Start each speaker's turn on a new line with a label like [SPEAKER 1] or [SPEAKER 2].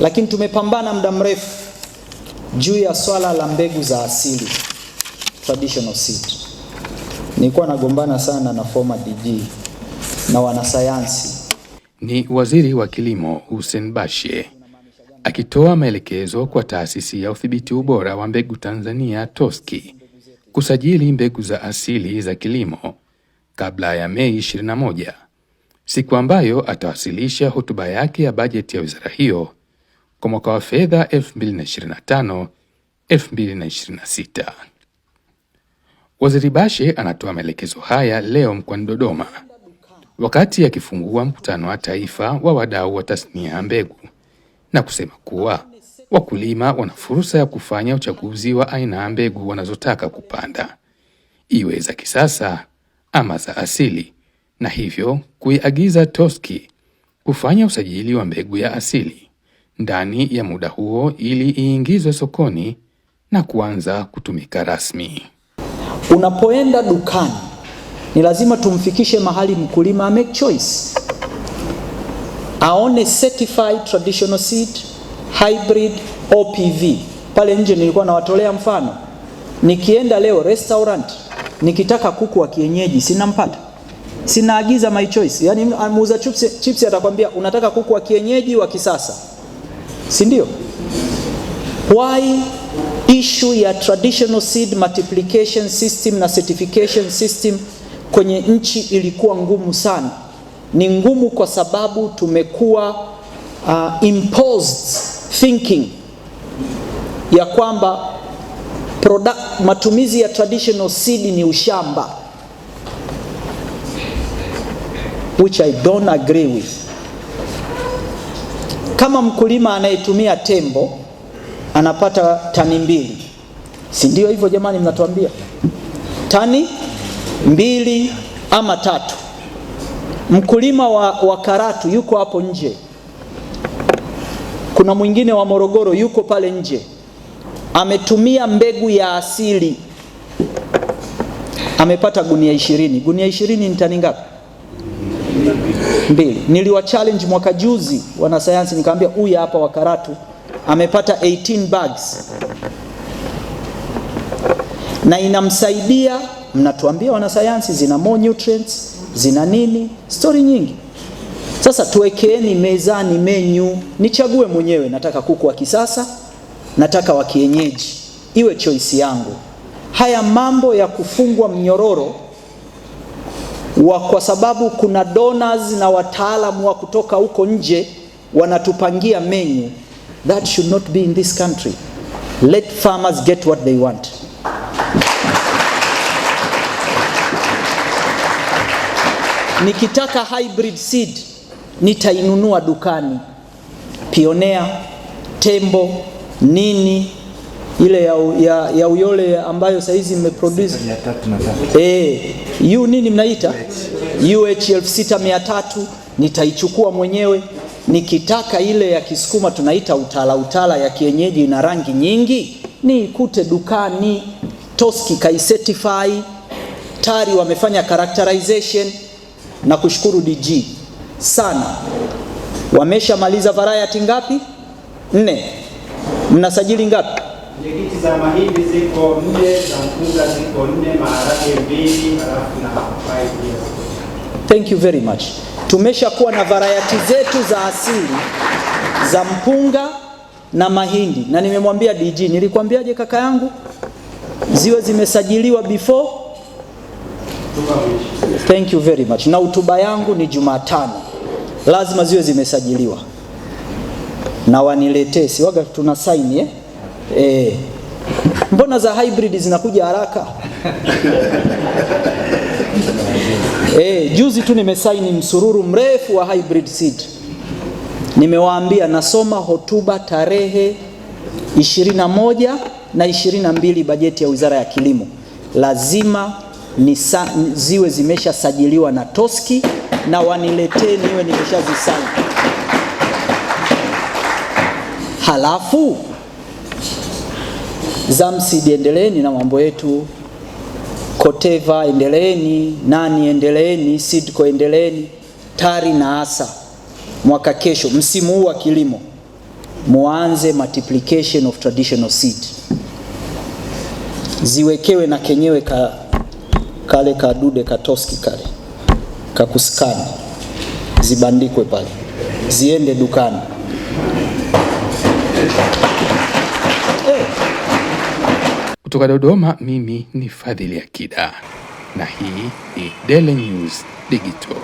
[SPEAKER 1] Lakini tumepambana muda mrefu juu ya swala la mbegu za asili traditional seed. Nilikuwa nagombana sana na former DG na wanasayansi.
[SPEAKER 2] Ni Waziri wa Kilimo Hussein Bashe akitoa maelekezo kwa Taasisi ya Udhibiti Ubora wa Mbegu Tanzania toski kusajili mbegu za asili za kilimo kabla ya Mei 21, siku ambayo atawasilisha hotuba yake ya bajeti ya wizara hiyo kwa mwaka wa fedha 2025 2026. Waziri Bashe anatoa maelekezo haya leo mkoani Dodoma wakati akifungua mkutano wa taifa wa wadau wa tasnia ya mbegu na kusema kuwa wakulima wana fursa ya kufanya uchaguzi wa aina ya mbegu wanazotaka kupanda, iwe za kisasa ama za asili, na hivyo kuiagiza TOSCI kufanya usajili wa mbegu ya asili ndani ya muda huo ili iingizwe sokoni na kuanza kutumika rasmi.
[SPEAKER 1] Unapoenda dukani, ni lazima tumfikishe mahali mkulima amake choice, aone certified traditional seed, hybrid, OPV. Pale nje nilikuwa nawatolea mfano, nikienda leo restaurant nikitaka kuku wa kienyeji sinampata, sinaagiza my choice. Yani muuza chipsi, chipsi atakwambia unataka kuku wa kienyeji wa kisasa si ndio? Why issue ya traditional seed multiplication system na certification system kwenye nchi ilikuwa ngumu sana? Ni ngumu kwa sababu tumekuwa uh, imposed thinking ya kwamba product, matumizi ya traditional seed ni ushamba which I don't agree with. Kama mkulima anayetumia tembo anapata tani mbili, si ndio hivyo jamani? Mnatuambia tani mbili ama tatu. Mkulima wa, wa Karatu yuko hapo nje, kuna mwingine wa Morogoro yuko pale nje, ametumia mbegu ya asili, amepata gunia ishirini. Gunia ishirini ni tani ngapi? mbili. Niliwa challenge mwaka juzi wanasayansi, nikamwambia huyu hapa wa Karatu amepata 18 bags na inamsaidia. Mnatuambia wanasayansi zina more nutrients, zina nini, stori nyingi. Sasa tuwekeeni mezani menyu, nichague mwenyewe, nataka kuku wa kisasa, nataka wa kienyeji, iwe choisi yangu. Haya mambo ya kufungwa mnyororo wa kwa sababu kuna donors na wataalamu wa kutoka huko nje wanatupangia menu that should not be in this country let farmers get what they want nikitaka hybrid seed nitainunua dukani Pionea, Tembo, nini ile ya, ya, ya Uyole ambayo sasa hizi mmeproduce eh, yu nini mnaita uh 6300 nitaichukua mwenyewe nikitaka ile ya Kisukuma tunaita utala utala ya kienyeji na rangi nyingi, niikute dukani. Toski certify tari, wamefanya characterization na kushukuru DG sana. Wameshamaliza variety ngapi? Nne. Mnasajili ngapi? Njegiti za mahindi ziko nne, za mpunga ziko nne, maharage mbili, halafu na papai pia. Thank you very much. Tumeshakuwa na varayati zetu za asili za mpunga na mahindi, na nimemwambia DG, nilikwambiaje kaka yangu, ziwe zimesajiliwa before. Thank you very much. Na hotuba yangu ni Jumatano, lazima ziwe zimesajiliwa na waniletee, siwaga tuna saini eh? eh, mbona za hybrid zinakuja haraka? eh, juzi tu nimesaini msururu mrefu wa hybrid seed. Nimewaambia nasoma hotuba tarehe 21 na 22 bajeti ya Wizara ya Kilimo, lazima nisa, ziwe zimeshasajiliwa na Toski na waniletee niwe nimeshazisaini halafu Zamsid endeleeni na mambo yetu, Koteva endeleeni, nani endeleeni, Sidco endeleeni, TARI na ASA mwaka kesho, msimu huu wa kilimo muanze multiplication of traditional seed, ziwekewe na kenyewe ka, kale kadude katoski kale kakuskani, zibandikwe pale, ziende dukani.
[SPEAKER 2] Kutoka Dodoma, mimi ni Fadhili Akida na hii ni Daily News Digital.